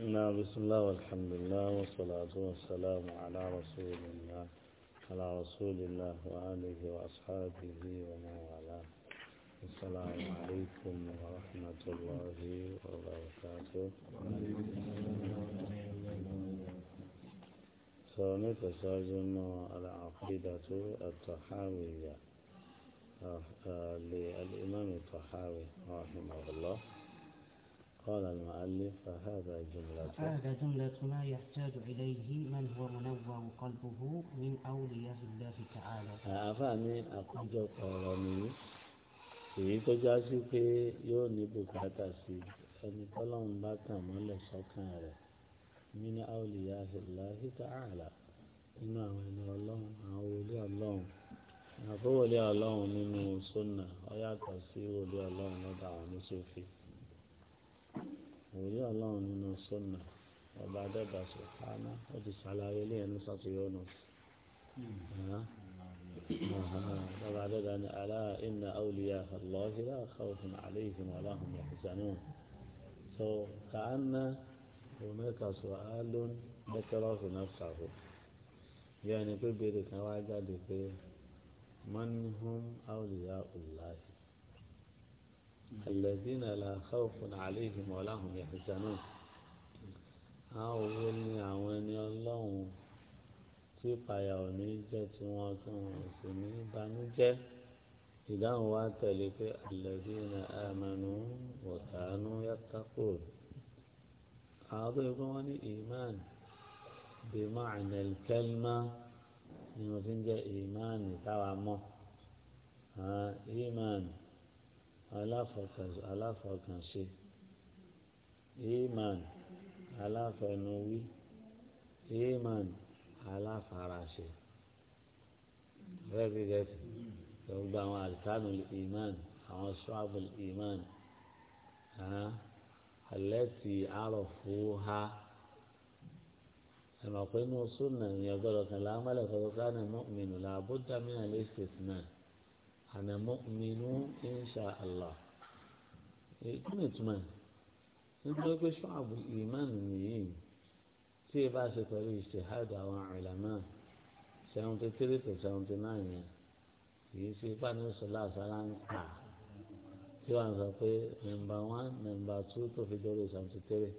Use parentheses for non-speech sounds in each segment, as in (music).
نعم بسم الله والحمد لله والصلاة والسلام على رسول الله على رسول الله وآله وأصحابه ومن والاه السلام عليكم ورحمة الله وبركاته سلام تساجن العقيدة الطحاوية آه، آه، للإمام الطحاوي رحمه الله قال المؤلف فهذا جملة هذا جملة ما يحتاج إليه من هو منور قلبه من أولياء الله تعالى أفهمي أقول قولني èyí tó já sí pé yóò ní bùkátà sí ẹni tọ́lọ́run bá tàn mọ́lẹ̀ sọ́kàn rẹ̀ nínú àwòlíyá Allahi ta'ala nínú àwọn ẹni ọlọ́run àwọn wòlíì ọlọ́run àbówòlíì ọlọ́run nínú sunna ó sí wòlíì ọlọ́run lọ́dọ̀ àwọn oníṣòfin. òye ọlọ́run nínú sọ́nà ọba adẹ́gbà sọ̀kánà ó ti ṣàlàyé ilé ẹni sọ́tìyọ́nù ọba adẹ́gbà ni alá iná àwòlíyà lọ́ọ́hì rà káwọ́fún àléhìn aláhùn ìhùsánù so kàánà òmẹ́ka sọ̀hálùn bẹ́tẹ́rọ́fù náà fàáfù yẹ́nì pé béèrè kan wá jáde pé mọ́nìhùn àwòlíyà ọ̀láhì. الذين لا خوف عليهم ولا هم يحزنون àwọn wo ni àwọn ẹni ọlọ́run tí ìpayà ò ní jẹ́ tí wọ́n tún wọn sì ní banújẹ́ ìdáhùn wa tẹ̀lé pé alladhina amanu wa kanu yattaqun àwọn tó yẹ wọ́n ní iman bí ma'na al-kalima ni wọ́n fi ń jẹ́ iman táwa mọ̀ iman aláfọkànṣe iman aláfẹnuwí iman aláfaraṣe rẹ́ẹ̀dì gẹ̀ẹ́sì gbogbo àwọn àlùkánù iman àwọn ṣọ́ọ̀bù iman alẹ́tì àròfù ha ẹ̀mọ̀ pé inú súnà ìyẹn gbọ́dọ̀ kan láàmúlẹ̀ kọ́kọ́ ká ní mọ́mìnú làbúdàmínà lè ṣèṣin náà ana mu'minun insha Allah kí ni ìtumọ̀ nítorí pé ṣọ́ọ̀bù ìmánu nìyí tí ì bá ṣe pẹ̀lú ìṣèhádà àwọn ìlànà seventy three to seventy nine yẹn kì í ṣe pàdé sọlá sára ń kà tí wọ́n sọ pé nọmba one nọmba two tó fi dórí seventy three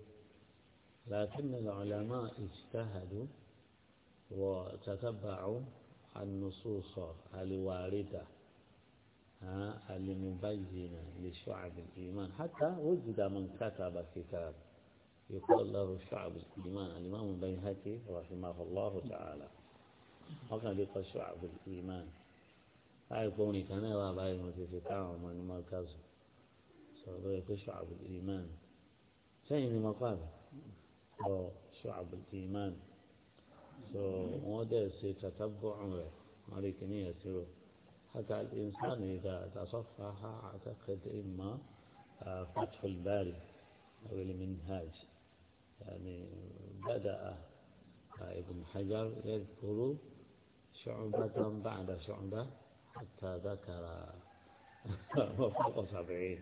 làákìn ní ìlànà ìṣèhádù wọ́n tàkàbàrún ànusùsọ̀ àlìwárídà. آه، لمبين لشعب الإيمان حتى وجد من كتب كتاب يقول له شعب الإيمان الإمام البيهقي رحمه الله تعالى وكان يقول شعب الإيمان هاي هايكون كان يرى وابعي متفتاع من مركزه سوف شعب الإيمان فين مقابل شعب الإيمان سو موديل سيتتبع عمره هذه نية سيروه حتى الإنسان إذا تصفح أعتقد إما آه، فتح الباري أو المنهاج يعني بدأ آه، ابن حجر يذكر شعبة بعد شعبة حتى ذكر آه، (laughs) وفق سبعين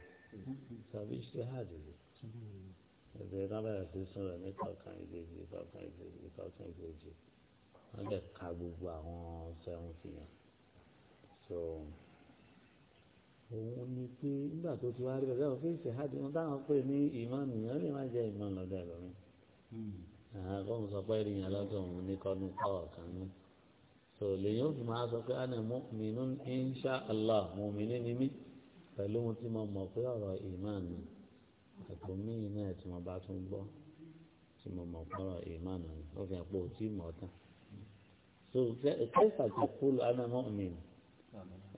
فباجتهاده اجتهاده بينما يفلسون لم يتوقع يجيب يتوقع يجيب يتوقع يجيب هذا قابوا بعض سيوم so òun ni pé nígbà tó ti wá rí bẹ́ẹ̀ òfin ìṣèhádì wọn táwọn pè ní ìmọ̀nù yẹn lè má jẹ́ ìmọ̀nù lọ́dọ̀ ẹ̀lọ́mí àkóhùn hmm. sọ pé ènìyàn lọ́dọ̀ òun ní kọ́nù kọ̀ọ̀kan ní so lèyìn ó fi máa sọ pé ana mu'minun insha Allah mu'mini ni mí pẹ̀lú ohun tí mo mọ̀ pé ọ̀rọ̀ ìmọ̀nù àpò míì náà tí wọ́n bá tún gbọ́ tí mo mọ̀ pé ọ̀rọ̀ ó fi hàn pé òtí mọ̀ tán so kẹ́sà ti kú ana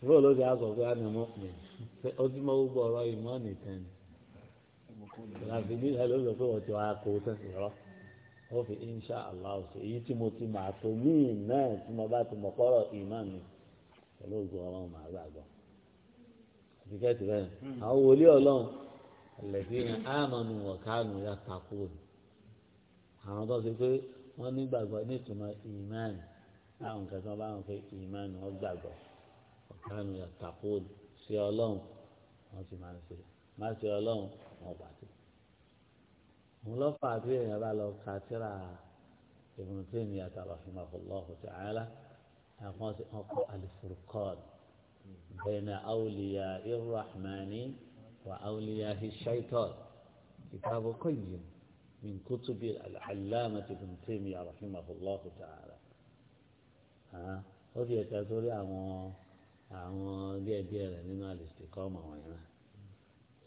ìfẹ́ olóde aṣọ pé a ní mọ́ pé ó ti mọ gbogbo ọ̀rọ̀ ìmọ̀ nìkan ni láti ní ìlú lọ pé wọ́n ti wá kó sẹ́sì rọ́ ó fi insha allah ṣe èyí tí mo ti mà tó míì náà tí mo bá ti mọ̀ pọ́rọ̀ ìmọ̀ mi pẹ̀lú ògbó ọlọ́run màá gbàgbọ́ àtikẹ́tì bẹ́ẹ̀ hmm. àwọn wòlíì ọlọ́run ẹlẹ́dínà ámọ̀nù ọ̀kánù ya tako ni àwọn tó ṣe pé wọ́n nígbàgbọ́ nítumọ̀ ìmánì àwọn kẹsàn-án bá wọn fẹ́ ìmánì wọn gbàgbọ́ kánú yàtàkùn sí ọlọ́run wọ́n ti máa ń ṣe má ṣe ọlọ́run wọn pàtó. òun lọ́fà àti èèyàn bá lọ ka tíra ìbùnú tí ènìyàn tààrà fún ọlọ́run ti àyànlá àwọn ọkọ̀ alifurukọ́ọ̀d bẹ̀rẹ̀ àwòlíyà irrahmani wà àwòlíyà hishaitọ́ọ̀d kìtàbù kọ́yìn من كتب العلامة ابن تيمية رحمه الله تعالى ها ó fi ẹ̀ka sórí àwọn àwọn díẹ̀ díẹ̀ rẹ̀ nínú àlìsí kọ́ ọmọ wọn yẹn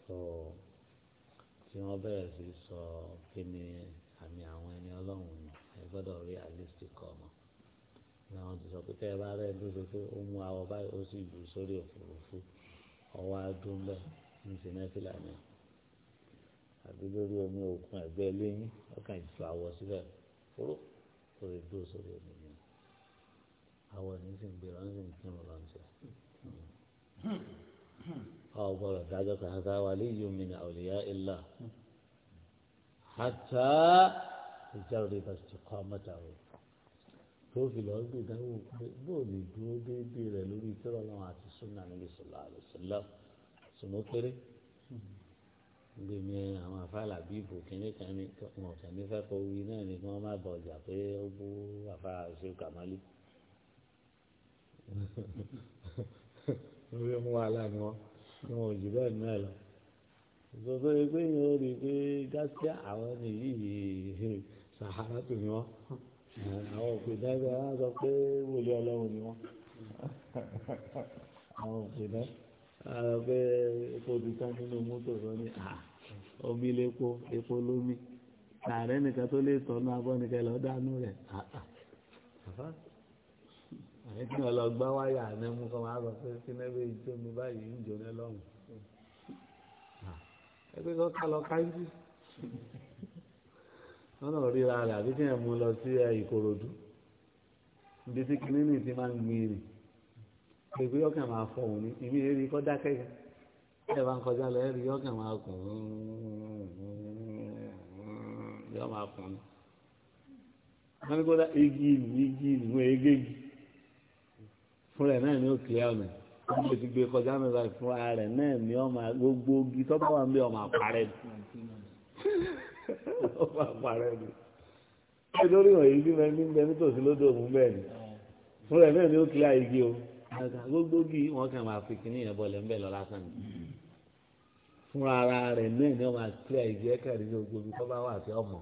so tí wọ́n bẹ̀rẹ̀ sí sọ kí ni àmì àwọn ẹni ọlọ́run nù ẹ gbọ́dọ̀ rí àlìsí kọ́ ọmọ ní àwọn ti sọ pé tẹ́ ẹ bá rẹ̀ dúró pé ó mú awọ báyìí ó sì jù sórí òfurufú ọwọ́ adùn bẹ́ẹ̀ ní sinẹ́fìlà ni àbí lórí omi òkun ẹ̀gbẹ́ lẹ́yìn ọkàn ìfọ̀ àwọ̀ síbẹ̀ fúró kò lè dúró sórí omi àwọn ènìyàn sì ń gbèrò wọn sì ń kírun lọ sí. ọ gbọ́dọ̀ dájọ́ kan ká wà léyìí omi ní àwòlíyá ilà hàtà ìjáwèé pàṣẹ kọ́ mọ́tàwé tó fi lọ gbé ìdánwò pé bóò lè dúró déédéé rẹ lórí ìtọ́rọ̀ náà àti súnà níbi sọ̀lá àlùsọ̀lá sùnmọ́ kéré gbèmí àwọn àfàlà bíi ibò kínní kan ní wọn kàn ní fẹ́ kó wí náà ni kí wọ́n má bọ̀ ọjà pé ó bú àfàlà ṣe kàmálí lórí mú wàhálà ni wọn ni wọn ò jù bẹ́ẹ̀ ní ẹ̀ lọ. ìṣòro ẹgbẹ́ yìí ó rí i pé gáṣíà àwọn nìyí sàhárà tó ni wọn àwọn òpìdá ẹgbẹ́ wọn sọ pé wòlé ọlọ́run ni wọn àwọn òpìdá àwọn pé epo dùkán nínú mọ́tò sọ ni omi lépo epo lómi tààrẹ nìkan tó lè tọ́nu abọ́ nìkan lọ́ọ́ dánú rẹ̀ kí wọn lọ gbọ́ wáyà àná mú kọ́ máa sọ pé sínẹ́bẹ̀ ìjọ mi báyìí ń jóná lọ́hùn. ẹgbẹ́ kan ká lọ káńtì wọn náà ríra rẹ̀ àbí kí wọn mú lọ sí ìkòròdú ibi tí kìnínní ti máa ń gbin rìn pèpè ọkàn máa fọ òun ní ìmí eré kọ́ dákẹ́ yẹn ẹ bá ń kọjá lọ ẹrí yọkàn máa kùn yọ máa kùn ní. wọ́n ní kó dá igi ìlú igi ìlú egégi fún rẹ̀ náà ni ó kílẹ̀ ọ̀nà wọ́n lè ti gbé kọjá mẹ́ta fún ara rẹ̀ náà ni ọmọ gbogbo ogi tó bá wà ń bẹ ọmọ àparẹ́ ni ọmọ àparẹ́ ni ṣé lórí ìwọ̀nyí bí mẹ́rin ń bẹ nítòsí lódò òun bẹ́ẹ̀ ni fún rẹ̀ náà ni ó kílẹ̀ igi o gbogbo ogi wọn kàn máa fi kíní yẹn bọ̀lẹ̀ ń bẹ̀ lọ lásán ni fún ara náà ni ọmọ àkílẹ̀ igi ẹ̀kẹ́rì ní gbogbo ogi tó wà sí ọmọ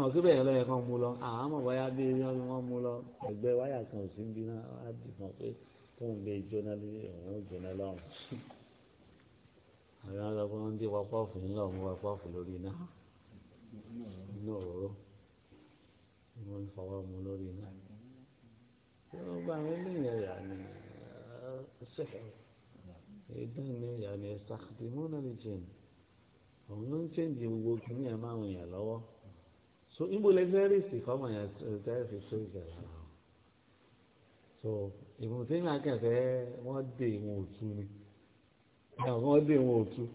náà síbẹ̀ yẹn lọ́yẹ̀ kan mú lọ àhámọ̀ wáyà bí iná ni wọ́n mú lọ ẹgbẹ́ wáyà kan ò sí ń bí náà á dì mọ́ pé tóun lè jóná lé òun ó jóná lọ́rùn. àwọn ọlọ́pàá wọn ń dé wapọ́ọ̀fù ńlọ mú wapọ́ọ̀fù lórí iná iná òróró ni wọ́n fọwọ́ mu lórí iná. wọ́n gba àwọn eléyìí ẹ̀yà ni ṣẹ́fẹ̀ ìdán ni ẹ̀yà ni ẹ̀sàkìtì múnà lè jẹun òun ló ń ṣèǹdì gbogbo kìnìyàn máa so níbo lẹ fẹ́ rí sí kọ́mọ yẹn tẹ́ fi tó ìjàlá so ìmọ̀ tí yàn kẹfẹ́ wọ́n dé ìwọ̀n òtún ni wọ́n dé ìwọ̀n òtún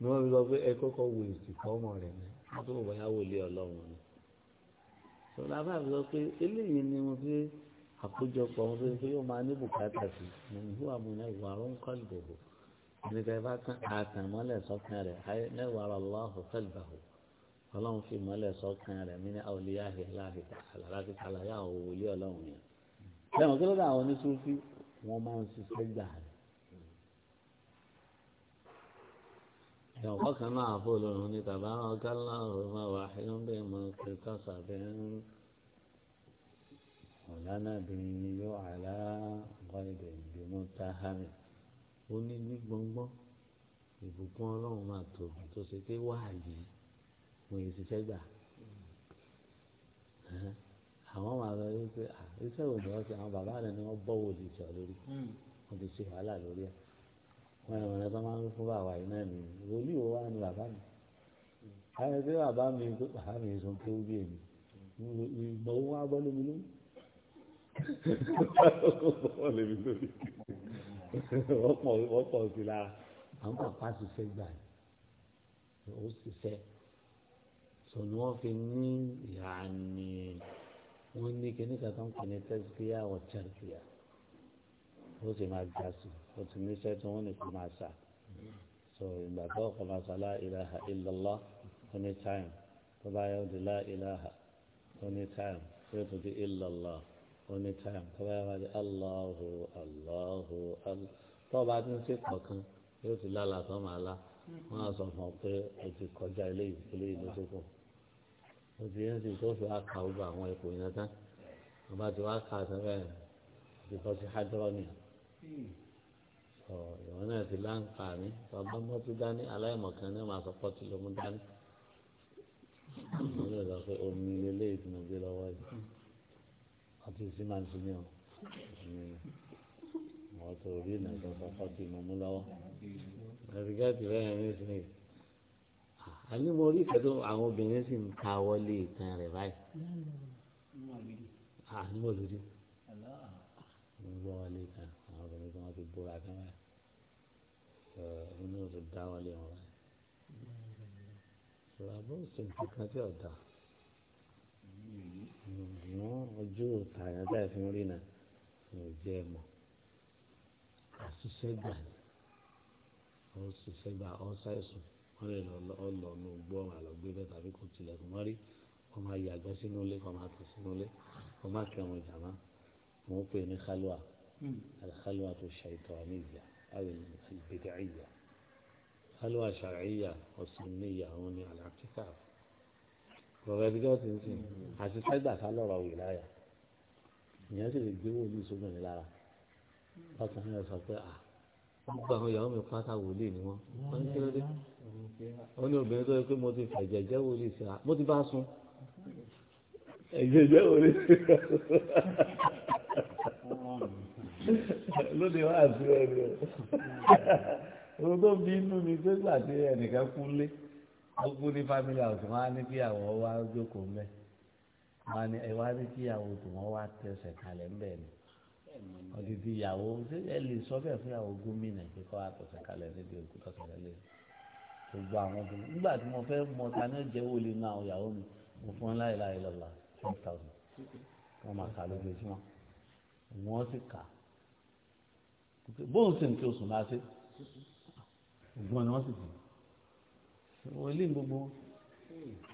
ni wọ́n fi sọ pé ẹ kọ́kọ́ wo èsì kọ́mọ rẹ̀ ni wọ́n tó wọ́n yá wòlé ọlọ́run ni so làbá fi sọ pé eléyìí ni mo fi àkójọpọ̀ ohun tó ń pé yóò máa ní bùkátà sí mọ̀mí hùwà mọ̀ náà ìwà ló ń ẹni tẹ́ bá tán àtàmọ́lẹ̀ sọ́kàn rẹ̀ ayé mẹ́wàá lọ́wọ́ ọlọ́run fi mọ́lẹ̀ sọ́kàn rẹ̀ mí ní àwòlíyá láti tààlà láti tààlà yá àwọn òwòlé ọlọ́run yẹn. lẹ́wọ̀n kí ló dé àwọn oníṣúfí wọ́n máa ń ṣiṣẹ́ gbà rẹ̀. ẹ̀wọ̀n kọ́kàn náà àfọ olórun ní tàbá ọ̀gá láàrọ̀ máa wà áyọ́ bẹ́ẹ̀ mọ pé kásà bẹ́ẹ̀ ń ọ̀lànà bìnrin yóò àlá ọ̀gá ibẹ̀ ìgbìmọ̀ táhámì ó ní ní gbọ́ngbọ́n ìbùkún ọlọ́run máa tó tó ṣe pé wáàyè wọn yìí ṣiṣẹ́ gbà àwọn máa lọ rí pé iṣẹ́ wo ni wọ́n ṣe àwọn bàbá rẹ̀ ni wọ́n bọ́wọ́ lè jọ lórí hmm. wọ́n ti ṣe wàhálà lórí ẹ̀ wọ́n ẹ̀rọ rẹ̀ tó máa ń fún bàbá yìí náà ni wòlíì wo wá ni bàbá mi àyẹ̀ pé bàbá mi bàbá mi sọ pé ó bí èmi ìgbà owó wá bọ́ lómi lórí bọ́ lómi lórí wọ́n pọ̀ sí lára àwọn bàbá ṣiṣẹ́ gbà ó ṣiṣẹ́ sọ ni wọ́n fi ní yàní wọ́n ní kíní kan tó ń pè ní tẹ́síkíyà ọ̀tẹ́rìkíyà ó sì máa ga sí ó ti ní iṣẹ́ tí wọ́n ní kó máa sà sọ ìgbà tó ọkọ̀ máa sà la ilaha illallah any time tó bá yẹ ó di la ilaha any time tó yẹ tó di illallah any time tó bá yẹ máa di Allahu tó bá ti ń ṣe kọ̀ọ̀kan yóò ti lálàá tó máa lá wọ́n á sọ fún ọ pé ẹ ti kọjá eléyìí eléyìí ló tó kù ó yẹn sì tó fi wá ka gbogbo àwọn ipò yẹn tán wọn ti wá ka tán bẹ́ẹ̀ ti kọ́ sí hydroni ìwọ náà ti láǹfààní bàbá mọ́tò dání aláìmọ̀kan náà máa sọ pọ́tù ló mú dání wọ́n lè sọ pé omi lélẹ́ ìtumọ̀ gbé lọ́wọ́ yìí ọtí sí máa ń sinmi o wọ́n tó rí ìnáwó sọ pọ́tù ìmọ̀mú lọ́wọ́ ẹ̀rí gẹ́gẹ́ bẹ́ẹ̀ ní sinmi àní mo rí ìfẹ́ tó àwọn obìnrin sì ń ka wọlé ìtàn rẹ̀ báyìí àní mo lòdì mo gbọ́ wọlé ìtàn àwọn obìnrin tó wọ́n ti bóra kán báyìí inú rẹ̀ dá wọlé wọn báyìí ìràbó sì ń kankan tí ọ̀dà wọ́n ojú tààyàn táyà fi ń rí náà ní òjẹ́ ẹ̀ mọ̀ àṣìṣe gbà ni ó ṣiṣẹ́ gbà ó ṣàìsùn wọ́n lè lọ ọlọ́ ní gbọ́ àlọ́gbé bẹ́ẹ̀ tàbí kò tilẹ̀kùn mọ́rí kọ́ máa yàgbẹ́ sínú ilé kọ́ máa tẹ̀ sínú ilé kọ́ máa kẹ́ wọn jàmá mò ń pè ní kálúà hmm. kálúà tó ṣàìtọ́ àníyà àwọn ìgbèdè àyà kálúà ṣàríyà ọ̀sìn níyà àwọn ní àlàáfíà rọ̀rẹ́ bí wọ́n ti ń sìn àti sẹ́gbà kálọ̀rọ̀ wìláyà ìyẹn sì lè gbé wòlíì sógun ní lára bákan hmm. náà sọ pé à wọ́n àwọn ìyàwó mi pátá wòlíì ni wọ́n wọ́n ń kí ó ní obìnrin tó yẹ pé mo ti fẹ̀jẹ̀ jẹ́ wo lè sira mo ti bá sun ẹ̀jẹ̀ jẹ́ wo lè sira lóde wá sí ẹni o òun tó bí inú mi pé gbà tí ẹnìkan kú lé ó kú ní family house wọn á ní kí àwọn wá jókòó mẹ wọn á ní ẹ wá ní kí àwọn tó wọn wá tẹsẹ̀ kalẹ̀ ńbẹ ni odidi ìyàwó ẹ lè sọ bẹ́ẹ̀ fún ìyàwó gómìnà kíkọ àtọsẹ̀ kalẹ̀ níbi òkú tọsẹ̀ lẹ́yìn gbogbo àwọn obìnrin nígbà tí mo fẹ́ mọ ta ní ọjọ́ wo lè na àwọn ìyàwó mi mo fún ńlá ìlà ìlọ́la five thousand wọ́n máa kà lójoojúmọ́ wọ́n sì kà bóun sì ń kí oṣù máa ṣe ògbọ́n ni wọ́n sì fi wọ́n ilé gbogbo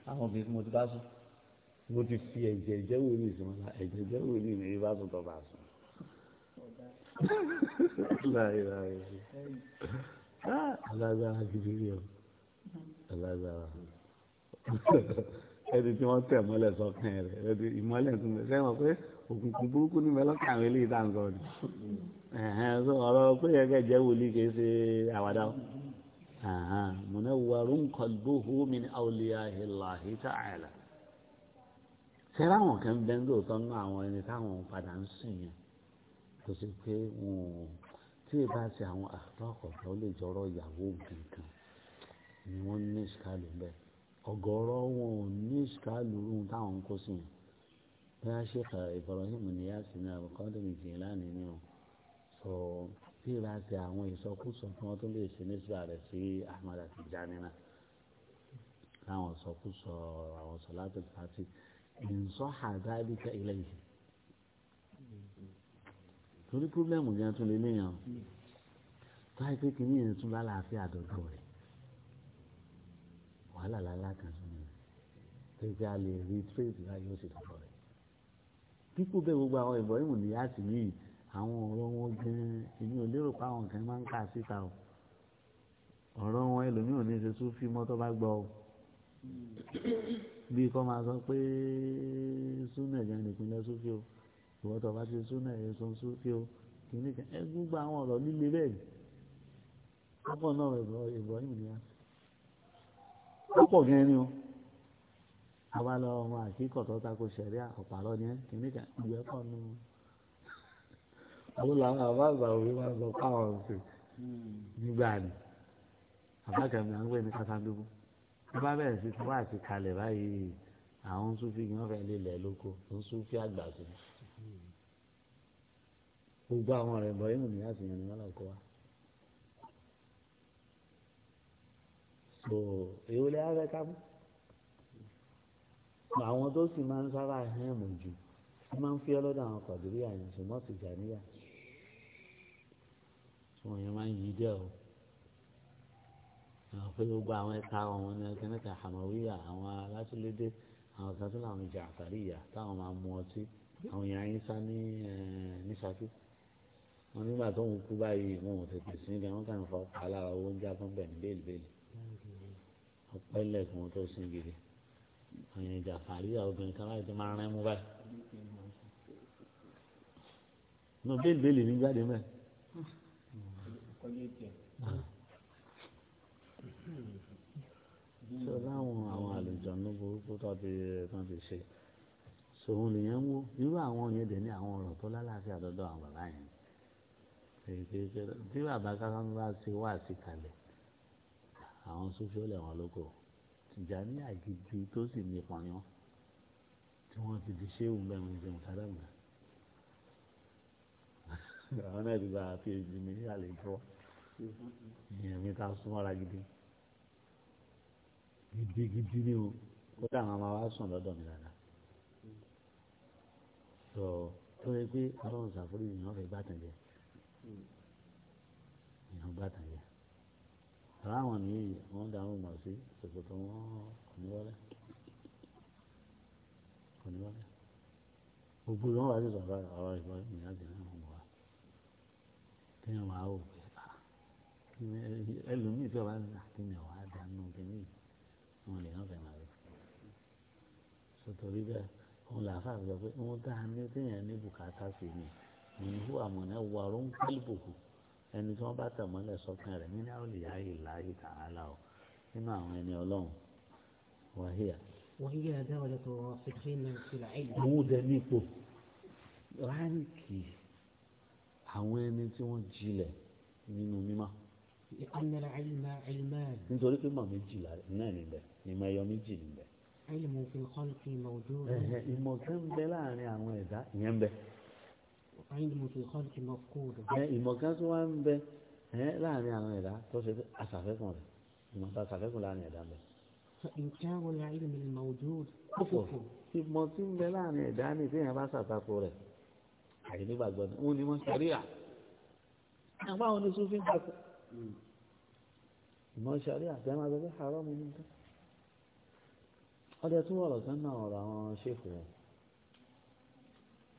àwọn obìnrin tí mo ti bá sùn mo ti fi ẹ̀jẹ̀ jẹ́ wò ní ìsìn wọn ẹ̀jẹ̀ jẹ́ wò ní ìrìn bá sùn tó bá sùn. láyé láyé alága tó lágbára ẹni tí wọ́n tẹ̀ mọ́lẹ̀ sọ́kàn rẹ̀ ẹni ìmọ́lẹ̀ tó ń bẹ sẹ́wọ̀n pé òkùnkùn burúkú ní bẹ lọ́kàn àwọn eléyìí tá à ń ni ọ̀rọ̀ pé ẹ̀kẹ́ jẹ́ wòlíì kìí ṣe àwàdà munawwarun qalbuhu min awliyahi llahi ta'ala sẹ́rẹ́ àwọn kan bẹ́ẹ̀ ń lóòótọ́ nínú àwọn ẹni táwọn padà ń sìn yẹn tó ṣe pé tí ì bá ṣe àwọn àtọ́kọ̀ọ́ lè jọrọ ìyàwó nǹkan ni wọ́n ní ìṣìkàlù ń bẹ̀ ọ̀gọ̀ọ̀rọ̀ wọn ò ní ìṣìkàlù rún táwọn kó sí yẹn bí a ṣe ka Ibrahim Niyasi ní Abdulkadir Jilani ni o sọ síra sí àwọn ìsọkúsọ tí wọ́n tó lè ṣe nígbà rẹ̀ sí Ahmad Tijani náà láwọn ìsọkúsọ àwọn sọláàtì pàtì ìǹsọ́ àdáríkà ilé yìí torí pírọ́blẹ́mù yẹn tún lè léèyàn báyìí pé kìíní tún lálàáfíà dọ̀dọ̀ rẹ̀ wàhálà lálá kan sí ni torí pé a lè rí tírèsì láyé ó sì lọ́dọ̀ rẹ̀ pípò bẹ́ẹ̀ gbogbo àwọn ìbọ̀rìmù ní yáàsì yìí àwọn ọ̀rọ̀ wọn gan-an èmi ò lérò pé àwọn kan máa ń kà síta o ọ̀rọ̀ wọn ẹlòmíì ò ní ṣe tún fi mọ́tọ́ bá gbọ́ o bí kọ́ máa sọ pé súnà ìjà nìpínlẹ̀ sófì o ìwọ́tọ̀ bá ti súnà èso sófì o kìíní kan ẹ gbogbo àwọn ọ̀rọ̀ líle bẹ́ẹ̀ ni ọ̀pọ̀ náà ìbọ̀rìmù ní yáàsì púpọ̀ gan ni o àwa lọ ọmọ àkíkọ̀ tó tako sẹ̀rí ọ̀pàrọ̀ ni ẹ́ kìíní kan ìwé pọ̀ nù. àwọn làwọn àbá àgbà òwe máa ń sọ káwọn ọ̀sẹ̀ nígbà ni àbá kẹmí à ń gbé ní kásándugu tó bá bẹ̀rẹ̀ sí tó bá àti kalẹ̀ báyìí àwọn ń súnfì kí wọ́n fẹ́ lé ilẹ̀ lóko ń súnfì àgbà sí i gbogbo àwọn ọ̀rẹ́ bọ̀ yìí nìyá sì yẹn ni wọ́n lọ kọ́ wa. so èwo lè ara ká mú àwọn tó sì máa ń sára hẹ́ẹ̀mù jù wọ́n máa ń fi ọlọ́dọ̀ àwọn kọ̀dúrí àyàn ṣùgbọ́n ti jà tí wọ́n yẹn máa ń yí dẹ́ o àwọn pé gbogbo àwọn ẹ̀ka ọ̀hún ní ẹgbẹ́ níta àmọ́wíyà àwọn alátúlédé àwọn kan tó làwọn ìjà àfàríyà táwọn máa mú ọtí àwọn èèyàn ayé sá ní ní Ṣakí wọn nígbà tó ń kú báyìí wọn ò tètè sí ilé wọn kàn fọ alára owó ń já fún bẹ́ẹ̀ ní bẹ́ẹ̀lì bẹ́ẹ̀lì ọpẹ́ lẹ́kùn wọn tó sin gidi ọ̀yìn ìjàfàrí obìnrin kan láti máa rán mú báyìí. nù bẹ́ẹ̀ bẹ́ẹ̀ ní jáde mẹ́. sọ ah. láwọn àwọn àlejò ní burúkú tó ti tán ti ṣe sòun nìyẹn ń wó irú àwọn yẹn dẹ̀ ní àwọn ọ̀rọ̀ tó lálàáfíà dọ́dọ̀ àwọn bàbá yẹn tí bàbá kankan bá ṣe wá sí kalẹ̀ àwọn Sufi ó lẹ̀ wọ́n lóko Tìjàníyà gidi tó sì ní ipa ni wọ́n tí wọ́n ti di ṣéwù ń bẹ́ wọn ṣe mùsàlámù náà àwọn náà ti gba phd mi ní àlè ìfọ́ ìyẹn mi ta súnmọ́ra gidi gidi gidi ni o ó dà àwọn máa wá sùn lọ́dọ̀ mi dáadáa tó tó yẹ pé ọlọ́run ṣàforíjì ni wọ́n fẹ́ gbàtàn jẹ ìyẹn gbàtàn jẹ ráwọn nìyí wọ́n dáhùn mọ̀ sí ṣòkòtò wọn kò ní wọlé kò ní wọlé gbogbo wọn wá sí sọ̀rọ̀ ọ̀rọ̀ ìbọn ìyáàdì náà wọ́n wá kéèyàn máa wò pé ẹlòmíì tí ọba nígbà tí mi ò wá dánú kíní wọn lè hàn fẹ́ràn rẹ̀ sọ̀tọ̀ rí bẹ́ẹ̀ òun làáfàá sọ pé wọ́n dá ní téèyàn ní bùkátà sí mi ìlú àmọ̀nà wà ló ń kálíbòkù ẹni tí wọ́n bá tẹ̀ mọ́lẹ̀ sọ́kàn rẹ̀ nínú àwọn ìyáyè láàyè tààlà o nínú àwọn ẹni ọlọ́run wàhíà. wàhíà dáwọ́lẹ̀ tó wọ́n fi fi ní ìfìlà ẹ̀yìn. àwọn òde nípò ránkì àwọn ẹni tí wọ́n jilẹ̀ nínú mímọ́. ìkànnìlá àyìnbá àyìnbá. nítorí pé màmí jìlá náà níbẹ̀ ìmọ̀ ẹ̀yọ méjì níbẹ̀. àyìnbó fi kọ́ ìmọ̀ kan tó wá ń bẹ láàrin àwọn ẹ̀dá tó ṣe àṣàfẹ́kùn rẹ̀ ìmọ̀ tó àṣàfẹ́kùn láàrin ẹ̀dá bẹ̀. ìmọ̀ tí ń bẹ láàrin ẹ̀dá ni tí èèyàn bá ṣàtakò rẹ̀ àyè nígbàgbọ́ ni wọ́n ní wọ́n ṣàríà àwọn àwọn oníṣúfì ń pàṣẹ. ìmọ̀ ṣàríà tẹ́ hmm. máa gbé haram ní nǹkan. ọdẹ tún wọ̀rọ̀ kan náà ọ̀rọ̀ àwọn ṣèkù rẹ̀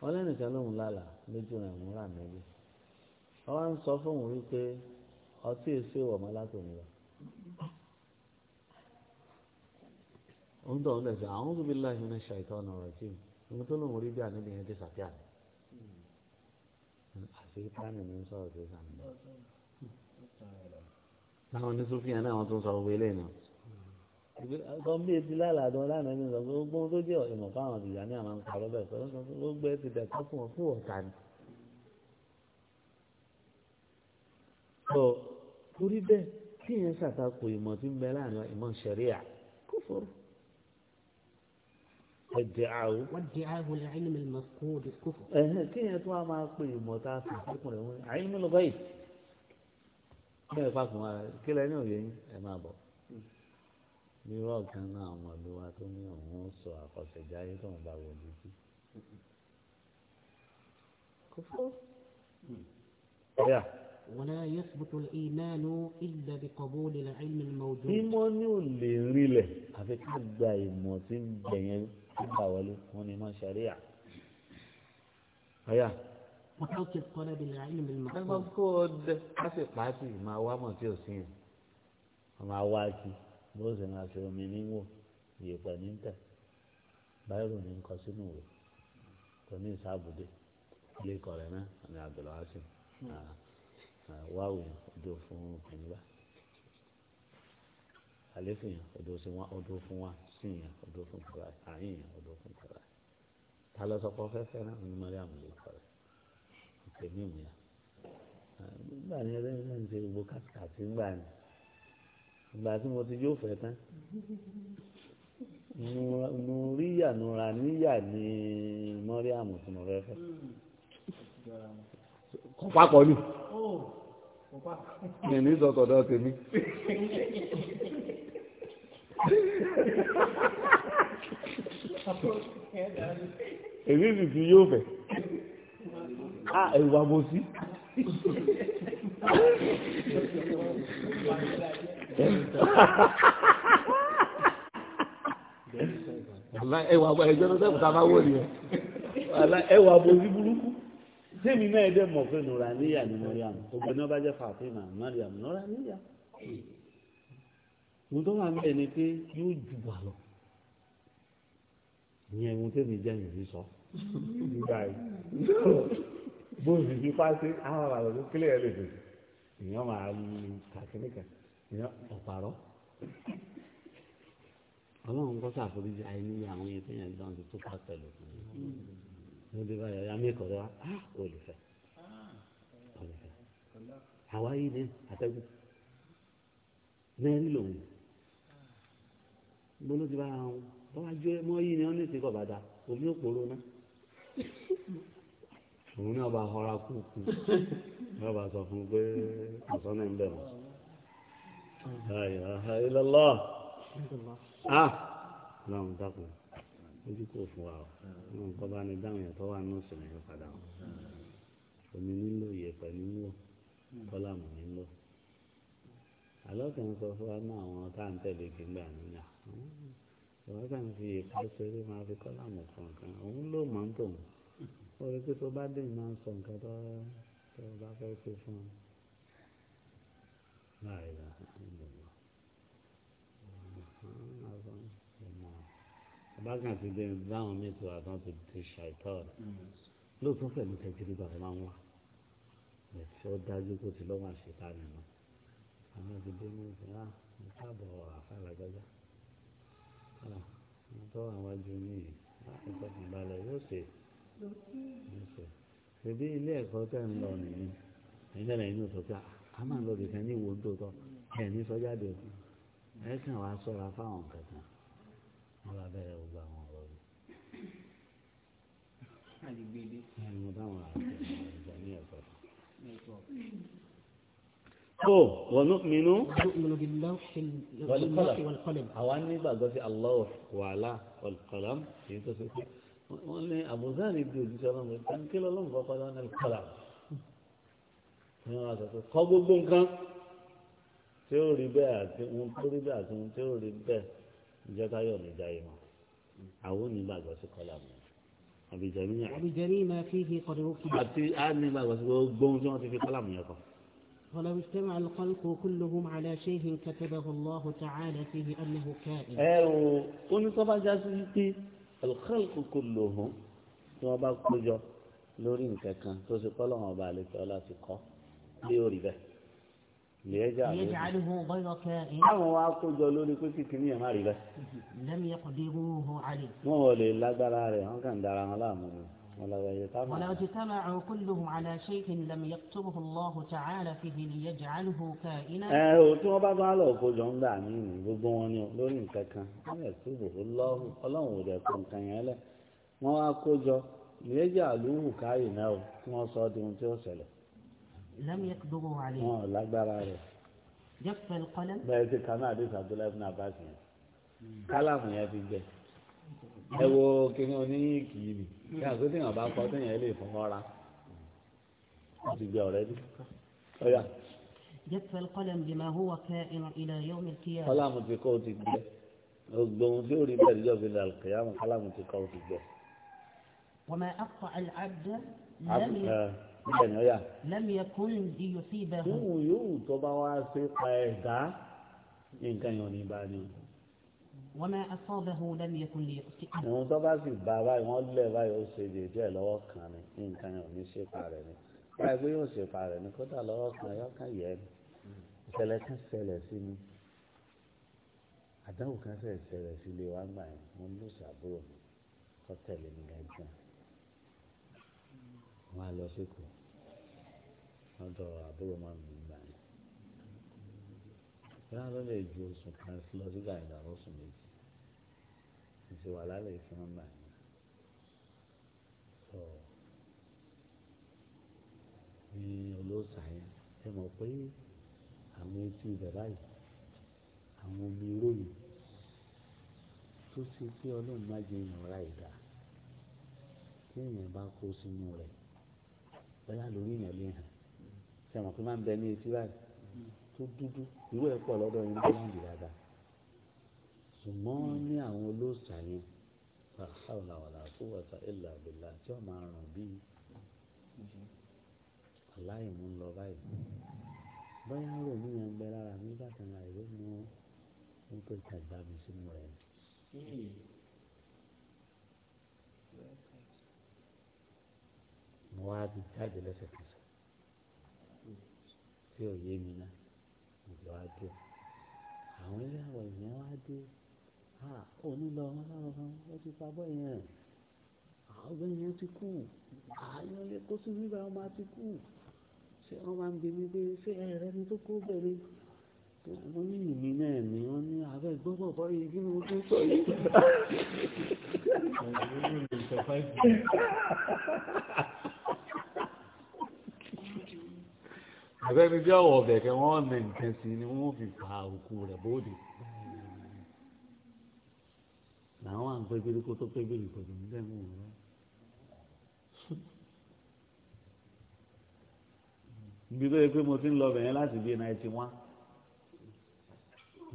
wọn lẹ́nìkan lòun lálàá lójú rẹ̀ ń rà níbi wọn wá ń sọ fóun wípé ọtí èsì wọ̀ mọ́ látòun lọ. òun tó ń lẹ̀sẹ̀ àwọn tó bí láì ní ṣàìtọ́ ọ̀nà ọ̀rọ̀ jìm ohun tó lòun rí bí àníbi yẹn ti sàbíà ni àti pánì ní sọ̀rọ̀ tó sàmì. táwọn oníṣòfin yẹn náà wọ́n tún sọ gbogbo náà gọ́ọ̀mù èdè lálàdán lánàá ní ìsọ̀rọ̀ gbogbo tó jẹ́ ìmọ̀ fáwọn ìyá ní àwọn àkàrọ̀ bẹ́ẹ̀ pẹ̀lú gbogbo ẹ ti dẹ̀kọ́ fún ọ fún ọ̀tá ni. tó torí bẹ́ẹ̀ kí yẹn ṣàtakò ìmọ̀ tí ń bẹ láàrin ìmọ̀ ṣẹ̀ríà kó fọ́rọ̀. ẹ̀jẹ̀ àwò. wọ́n di àwò lè àyìn mi lọ kó o di kó fọ́. kí yẹn tó wá máa pe ìmọ̀ tá a fi fẹ́kùnrin wọn àyìn mi lọ báyìí. bẹ́ẹ̀ nírọ̀ kan náà àwọn ọmọ ìlú wa tó ní òun sọ àkọsẹ̀jáyé tóun bá wò lójú. كفر ولا يثبت الإيمان إلا بقبول العلم الموجود إيمان اللي ريله أفك حدا يموتين جيان حاولوا هوني ما شريعة هيا وحوك طلب العلم المفقود المفقود حسي قاسي ما هو ما تيوسين ما واكي bó ṣe máa fi omi níwò ìyẹ̀pẹ̀ ní tẹ̀ báyìí ní nǹkan sínú ìwé kò ní ìsáàbùdé ilé ìkọ̀ rẹ̀ náà ní àgbẹ̀lọ́ á sì wáwù odò fún ìnira àléfù yẹn odò sí wọn odò fún wa sí yẹn odò fún kura àyìn yẹn odò fún kura ta lọ sọ pé fẹ́fẹ́ náà ní mariam lè kọ̀ rẹ̀ ìpè mímu yẹn ah, nígbà yẹn lẹ́yìn ń ṣe gbogbo kàtìkàtì ńgbà yẹn ìgbà tí mo ti yóò fẹ́ tán nùríyà nùra níyà ni mọ́ríàmù tí mo fẹ́ fẹ́ kọ́ papọ̀ ni oh, mi ní sọ̀tọ̀dọ̀ tèmi èmi sì ti yóò fẹ́ a ẹ̀wà mo sí ẹwà ẹjọ́ tó sẹ́kù tá a máa wò nìyẹn ẹwà àbòsí burúkú sẹ́mi náà ẹ̀dẹ́ mọ̀ fún nùrà níyà ní mọ́ríàmù obìnrin náà bá jẹ́ fàtímà mọ́ríàmù nùrà níyà mo tó wà mẹ́rin ni pé yóò jù wà lọ ìyẹn ohun tẹ́mi jẹ́ yìí sọ nígbà yìí bó sì fi fásitì àwọn àlọ́ tó kílẹ̀ ẹ̀ lè fèsì ìyẹn máa lu kàkínníkà. ọ̀pàrọ̀ ọlọ́run kọ́ sàforíjì àìníyà àwọn èyí tẹ́yàn jọ ti tó pa pẹ̀lú fún mi lóde báyọ̀ ya mẹ́kọ̀ọ́ ah, rẹ̀ á olùfẹ́ olùfẹ́ àwa yìí ni àtẹ́gùn mẹ́rin lòun gbóló ti bá ara wọn bọ́wá jẹ́ mọ́ yìí ni wọ́n ní ìsìnkọ̀ bàdà omi ò pòrò òun náà bá họra bá sọ fún pé ń ilẹ̀lọ́ ah lọ́run dákun ojú kò fún wa ọ̀hún kọ́ bá ní dáhùn yẹn tó wà nínú ìsìn yẹn padà wọn omi nílò ìyẹ̀pẹ̀ nílò kọ́làmù nílò àlọ́ kan sọ fún wa náà àwọn tá à ń tẹ̀lé gbígbà níyà ìwọ́n kàn fi ìyẹ̀pẹ̀ ṣeré máa fi kọ́làmù kọ̀ọ̀kan òun ló mọ̀ ń tòun ó rí pé tó bá dé ìmọ̀ sọ nǹkan tó bá fẹ́ ṣe fún un. لا إله إلا الله bákan ti dé báwọn míì tó àtàn ti di ṣàìtọ́ rẹ̀ lóòótọ́ pẹ̀lú tẹ̀kiri bàbá dájú kó ti lọ́wọ́ àṣetá nínú àwọn ti dé ní ìfẹ́ á ní káàbọ̀ àfàlàgbájá tọ́ àwọn ajú ní ìfọkànbalẹ̀ ah, yóò ṣe ṣe ilé ẹ̀kọ́ tẹ̀ ń lọ nìyí ẹ̀yìn náà lẹ́yìn ní òtọ́ta a máa ń lọ bìkan ní ìwò tó tọ ẹ ní sọjáde o ẹ kàn wá sọra fáwọn kankan wọn bá bẹ̀rẹ̀ gbogbo àwọn ọ̀rọ̀ rẹ̀. ẹ mú táwọn àgbẹ̀ ìjà ní ẹ̀kọ́. tó wọnú mínú. àwa nígbàgbọ́ sí aláwọ̀ wàhálà ọ̀lùkọ̀lám èyí tó ṣe pé wọ́n ní àbùzá ni bí òjijì ọlọ́run kí lọ́lọ́run kọ́kọ́ lọ́nà ìkọlà ni wọ́n sọ pé kọ́ gbogbo nǹkan tí ó rí bẹ́ẹ̀ àti ohun tó rí bẹ́ẹ̀ àti ohun tí ó rí bẹ́ẹ̀ ìjọ táyọ̀ ní jáyé wọn àwọn onígbàgbọ́ sí kọ́lá mi àbìjẹ́ni yẹn. àbìjẹ́ni máa fi fi kọ́dọ̀ òkè. àti á ní gbàgbọ́ sí gbogbo ohun tí wọ́n ti fi kọ́lá mi yẹn kọ́. ولو اجتمع الخلق كلهم على شيء كتبه الله تعالى فيه أنه كائن. أيوه، كل طبعا جاسوسي الخلق كلهم tí wọ́n bá kójọ lórí nǹkan kan tó ṣe kọ́ lọ́wọ́ ọba àlejò ọlá ti kọ́ ní orí bẹ́ẹ̀ lẹ́jà lórí. àwọn wa kójọ lórí pé kìkì ní ẹ̀má rí bẹ́ẹ̀. wọ́n wọ lè lágbára rẹ̀ wọ́n kàn dára wọn láàmú ni. ولو اجتمعوا كلهم على شيء لم يكتبه الله تعالى فيه ليجعله كائنا ẹ ò tí wọ́n bá bá lọ kójọ ń dà ní gbogbo wọn ni lórí nǹkan kan wọ́n yẹ tó bò ó lọ́hùn ọlọ́run ò kó nǹkan yẹn lẹ̀ wọ́n wá kójọ lẹ́jà lóhùn káyìí náà tí wọ́n sọ ọ́ di ohun tí ó ṣẹlẹ̀. لم يقدروا عليه اه lágbára rẹ̀ جف القلم بس ti kan náà àdéhùn abdullahi ibn abbas yẹn kálàmù yẹn ti gbẹ ẹ wo kíni oníyìn kìí ni kí àgbo yàn bá kọ tó yàn lè fọwọ́ ra ó ti ọ̀rẹ́ bí ọ̀yà. جف القلم بما هو كائن إلى يوم القيامة kálàmù ti kọ́ ó ti gbẹ gbogbo ohun tí ó rí bẹ́ẹ̀ níjọ́ bíi al-qiyamah kálàmù ti kọ́ ó ti gbẹ. وما أخطأ العبد لم níbẹ̀ ni ó yà. lẹ́mi ẹkún di yóò sí ibẹ̀ hàn. yóò yóò tó bá wá sí pa ẹ̀dá nǹkan yóò ní bá ní. wọ́n máa ẹ̀fọ́ bẹ́ẹ̀ hù lẹ́mi ẹkún lè ṣe. àwọn tó bá sì bá báyìí wọ́n lẹ̀ báyìí ó ṣe dèjọ́ ẹ̀ lọ́wọ́ kan ni nǹkan yóò ní ṣe pa rẹ̀ ni. báyìí pé yóò ṣe pa rẹ̀ ni kódà lọ́wọ́ kan yọ̀ọ̀kan yẹ ni. ìṣẹ̀lẹ̀ kan ṣẹlẹ̀ sí mi. àdáwò kan ṣẹlẹ̀ sí ilé wa gbà yẹn mo lóṣàbúrò mi kọ́ tẹ̀lé mi gàgbọ́n wọ́n á lọ síkù lọ́dọ̀ àbúrò máa ń bí gbà ní. ìlànà ló lè ju oṣù kan lọ sí gàdá oṣù méjì ìṣe wà lálẹ́ ìfún ọgbà ní. sọ ní olóòṣà yẹn ẹ mọ̀ pé àwọn etí ibẹ̀ báyìí àwọn omi róyìn tó ṣe pé ọlọ́run má jẹ́ ìyànra ìdá tí èèyàn bá kó sínú rẹ̀ bóyá lórí èèyàn lè hàn ṣe àwọn kan máa ń bẹ ní etí báyìí tó dúdú irú ẹ̀ pọ̀ lọ́dọ̀ yín lọ́wọ́ ìdí dáadáa ṣùgbọ́n ní àwọn olóòṣà yẹn fàṣàwọ̀là wàlà tó wọ̀tà ìlà àbẹ̀là tí wọ́n máa ràn bíi aláìmú ń lọ báyìí bóyá ń rò níyàn ń bẹ lára nígbà kan àìró mọ pè tàgbà mi sínú rẹ̀ ni. wọn á ti jáde lẹ́sẹ̀kẹsẹ̀ tí ò yé mi náà ìjọ á dé àwọn ilé àwọn èèyàn wá dé à òní lọ wọn láwọn kan wọn ti fa bọ́ yẹn àwọn obìnrin yẹn ti kú àyàn lè kó sí bíbá wọn máa ti kú ṣé wọn máa ń gbé mi pé ṣé ẹrẹ ni tó kó bẹ̀rẹ̀ mo ní ìmí náà ni wọn ní abẹ gbọ́dọ̀ bọ yìí kí ni mo sọ yìí. àbẹ́ni bí ọ̀wọ̀ ọ̀bẹ̀ kẹ́ wọ́n nà nǹkan sí ni wọ́n fi pa òkú rẹ̀ bóde. làwọn à ń pé gbèdéko tó pé gbèdéko tó ń dẹ́mu rẹ̀. ibi tó yẹ pé mo ti ń lọ bẹ̀yẹn láti bíi náìtì wá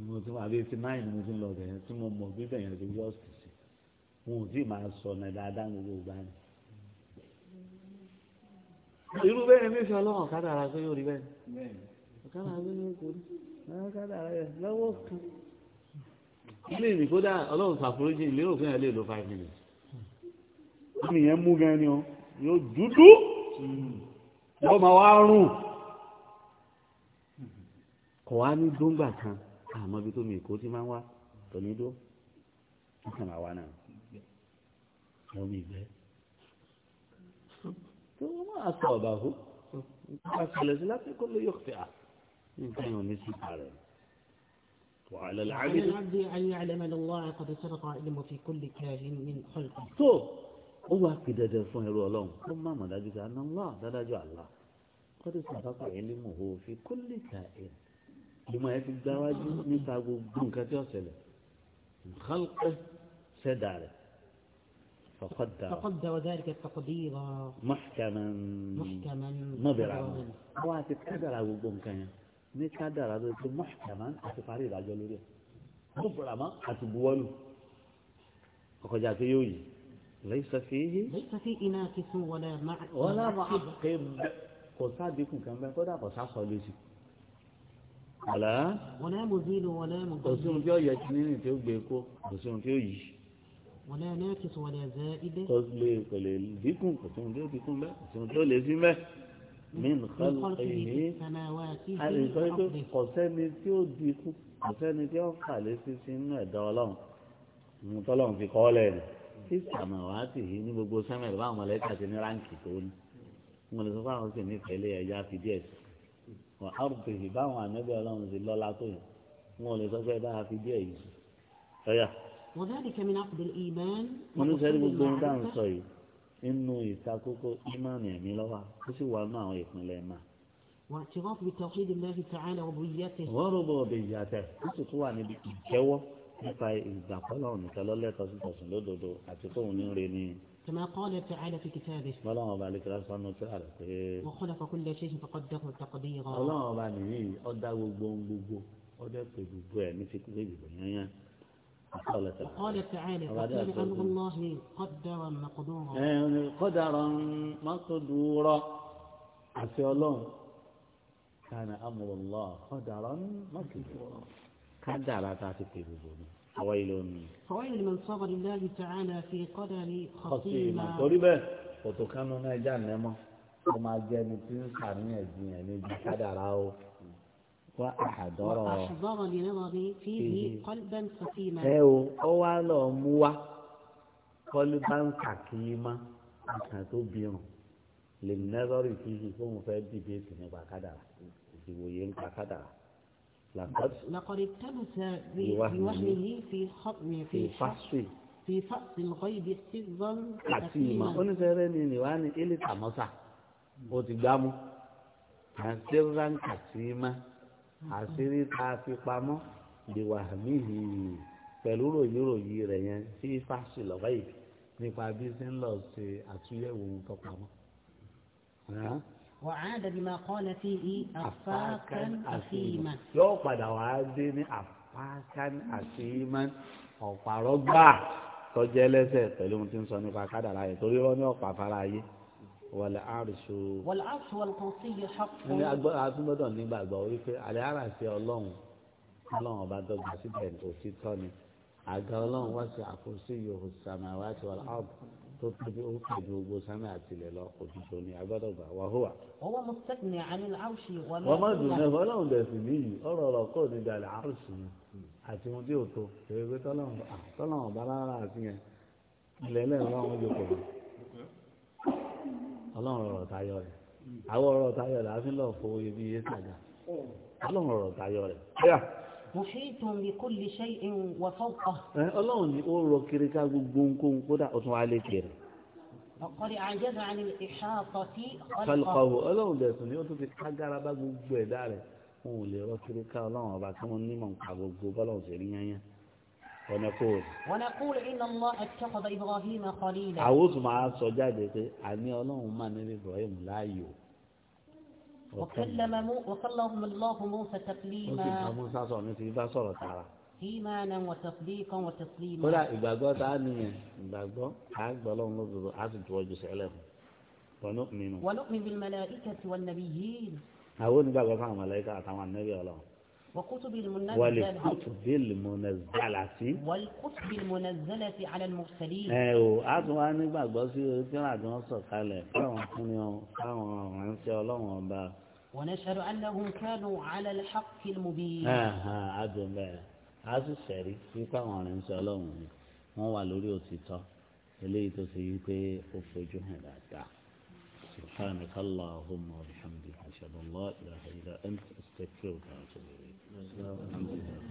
mo ti wà bíi ti náì ni mo ti ń lọ bẹ̀yẹn tí mo mọ̀ bí bẹ̀yẹn ti yọ̀ sí sí ò tí ì máa sọ ọ̀nà dáadáa gbogbo ìgbà ni irú bẹ́ẹ̀ ni fi ọlọ́run ọ̀kadà ara pé yóò rí bẹ́ẹ̀ ọ̀kadà ara pé yóò kó rí ọ̀kadà ara rẹ̀ lọ́wọ́ kan. ilé ìrìn kódà ọlọ́run ṣàforíjì lérò fún ẹ̀ lè lo five minutes. àmì yẹn mú gan ni ọ yóò dúdú yóò máa wá rùn. kò wá ní dóńgbà kan àmọ́ ibi tó mi ìkó ti máa ń wá tòní dó nígbà máa wá náà. ọmọ ìgbẹ́. وما أصابه فصل لا تكون يخطئه يمكن نسيت عليه وعلى العبد العبد أن يعلم أن الله قد سبق علمه في كل كاج من خلقه طب هو كده ده صهر ولوم ثم ما جزاء أن الله جاء الله قد سبق علمه في كل كائن لما يفي الدواجي نساقه بنكة يوصله من خلقه سداره فقدر فقدر ذلك التقدير محكما محكما نظرا àwọn àti kádàrà gbogbo nǹkan yẹn ní kádàrà ló ti mọ́ṣkàmá àti parí ìdájọ́ lórí ẹ̀ mọ́bùràmá àti buwọ́lù ọkọjà tó yóò yìí lẹ́yìn sọ́fí yìí. lẹ́yìn sọ́fí iná ti fún wọlé máa. wọlé máa ké kò sáàdínkù kan bẹ́ẹ̀ kódà kò sáàkọ́ lóṣù. wọlé. wọlé mo zí ló wọlé mo. kò sí ohun tí ó yẹ kí nínú tí ó gbé kó kò sí ohun tí ó yìí. ولا ناقص ولا زائد قصلي قليل ديكم قسم دي ديكم لا قسم دي لازم من خلقه سماواته الارض قسم تي او ديكم قسم تي او خالص سين ادا Ọlọ́run mo tọ́lọ́run fi kọ́ lẹ̀ ní tí sàmàwátì yìí ní gbogbo sẹ́mẹ̀ bá àwọn mọ̀lẹ́kà ti ní ráǹkì tó ní mo lè sọ fún ní ìfẹ́lẹ́ ẹ̀yà fi díẹ̀ sí wọn àrùtì yìí báwọn ànábẹ́ ọlọ́run ti lọ́lá tó yẹn mo lè sọ fún ẹ bá a fi díẹ̀ yìí sọ́yà wọ́n ní sẹ́ni gbogbo ohun tá à ń sọ yìí nínú ìtakókó ìmánì ẹ̀mí lọ́wọ́ ó sì wà nínú àwọn ìpínlẹ̀ ẹ̀mà. واعتراف بتوحيد الله تعالى ربوبيته وربوبيته nítorí wà níbi ìjẹ́wọ́ nípa ìgbàpọ́lọ́ nìkan lọ́lẹ́tọ̀ sí tọ̀sùn lódodo àti tóun ní re ni. كما قال تعالى في كتابه الله بالك لا سبحانه وتعالى وخلق كل شيء فقدره تقديرا الله بالك أدى gbogbo gbogbo أدى gbogbo ẹ̀ ní fi gbogbo yẹn yẹn. قال تعالى فكان أمر الله قدرا مقدورا قدرا مقدورا àṣẹ Ọlọ́run كان أمر الله قدرا مقدورا kádàrá tá a ti pè gbogbo ni àwa ilé omi. àwọn ilé mi sọ́kọ̀ ní láyé tààlà fi kọ́dà ní kọ́sìmà. torí bẹ́ẹ̀ kòtò kánú náà já nẹ́mọ́ ó máa jẹ́ ẹni tí ń sàníyàn jiyàn níbi kádàrá o. وأحضر وأحضر لنظري فيه قلبا سقيما أو أو على قلبا سقيما أكنتو بيرو للنظر فيه فهم فادي بيت نبا كدرا يوين لقد لقد التبس بوهمه في خطم في فحص في فحص الغيب سرا حكيما أنا سيرني نواني إلي تمسا وتقامو سرا حكيما àṣírí tá a fi pamọ́ ìwà míhì pẹ̀lú ròyìnròyìn rẹ̀ yẹn sí fásitì lọ́wọ́ yìí nípa bí ṣe ń lọ ṣe àtúnyẹ̀wò ohun tó pamọ́. وعاد بما قال فيه أفاكا أثيما yóò padà wá dé ní أفاكا أثيما ọ̀pàrọ̀ gbà tọ́jú ẹlẹ́sẹ̀ pẹ̀lú ohun tí ń sọ nípa kádàrá yẹn torí wọ́n ní ọ̀pá fara wàlẹ̀ àrùsù. wàlẹ̀ àrùsù wàlẹ̀ kan sí yìí ha kún. ní agbọ́dọ̀ nígbàgbọ́ wípé àlẹ́ ara sí ọlọ́run ọlọ́run ọba dọ́gba síbẹ̀ òtítọ́ ni àga ọlọ́run wá sí àkóso yòó sàmáwá àti wàlẹ̀ àrùsù tó tóbi ó pè ní gbogbo sámi àtìlẹ̀ lọ òtítọ́ ni agbọ́dọ̀ gbà wá hùwà. ọwọ́ mo tẹ́kì ní àlẹ́ àrùsù wàlẹ́ àrùsù. wọ́n má dùn ọlọ́run ọ̀rọ̀ tayọ rẹ̀ àwọn ọ̀rọ̀ tayọ rẹ̀ àfi lọ́ọ̀ fo ibi yé sàgà ọlọ́run ọ̀rọ̀ tayọ rẹ̀. ọlọ́run ni ó rọ kiri ká gbogbo nǹkan kódà ó tún wá lé kiri. ọ̀kọ́ni àjẹ́sà ni ìṣàtọ̀ sí ọlọ́kọ̀. ọlọ́run dẹ̀sùn ni ó tún ti kágára bá gbogbo ẹ̀dá rẹ̀ wọn ò lè rọ kiri ọlọ́run ọba kí wọ́n nímọ̀ nǹkan gbogbo bọ́lọ̀ ونقول ونقول إن الله اتخذ إبراهيم خليلا àwọn tó máa sọ jáde pé àní Ọlọ́run máa ní Ibrahim láàyò وكلم وكلم الله موسى تكليما ó sì kódà ìgbàgbọ́ tá a nìyẹn ìgbàgbọ́ a gbọ́ lọ́wọ́ lọ́dọ̀dọ̀ a sì dùwọ́ sẹ́lẹ̀ fún wọnú mímu. wọnú mímu mẹlẹ ìkẹsì wọn yìí. àwọn onígbàgbọ́ fún àwọn mẹlẹ́kà وكتب المنزلة والكتب المنزلة والكتب المنزلة على المرسلين ايوه اتوا ان gbàgbọ́ sí tírà tí wọ́n sọ̀ kalẹ̀ fáwọn fún ni fáwọn ránṣẹ́ Ọlọ́run ọba ونشهد انهم كانوا على الحق المبين اه ادون بقى عايز سري في fáwọn ránṣẹ́ Ọlọ́run ni wọ́n wà lórí òtítọ́ eléyìí tó ṣe wípé ó fojú hàn dáadáa سبحانك اللهم وبحمدك اشهد ان لا اله الا انت استغفرك واتوب اليك الحمد لله